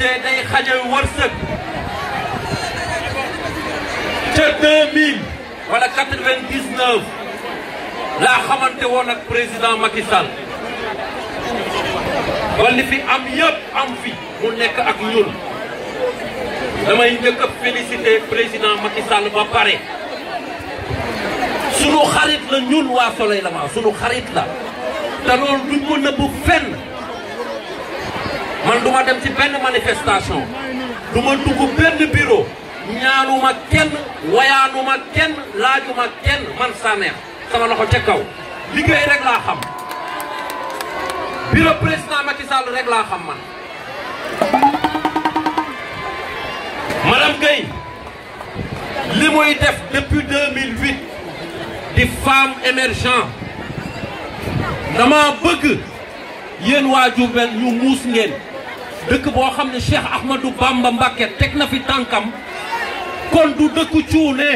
te day xajal wërsëg ca 2000 wala 99 laa xamante woon ak président Macky Sall ba li fi am yëpp am fi mu nekk ak ñuul damay njëkk a félicité président Macky Sall ba pare sunu xarit la ñuul waa Soleil Levant sunu xarit la te loolu duñ ko nëbbu fenn man ma dem ci benn manifestation du ma dugg benn bureau ñaanuma kenn wayaanuma kenn laajuma kenn man Sanékh sama loxo ca kaw liggéey rek laa xam bureau président Macky Sall rek laa xam man madame Gueye li muy def depuis 2008 di femme émergent dama bëgg yéen waa Diourbel ñu muus ngeen dëkk boo xam ne Cheikh Ahmadou Bamba Mbacké teg na fi tànkam kon du dëkku cuune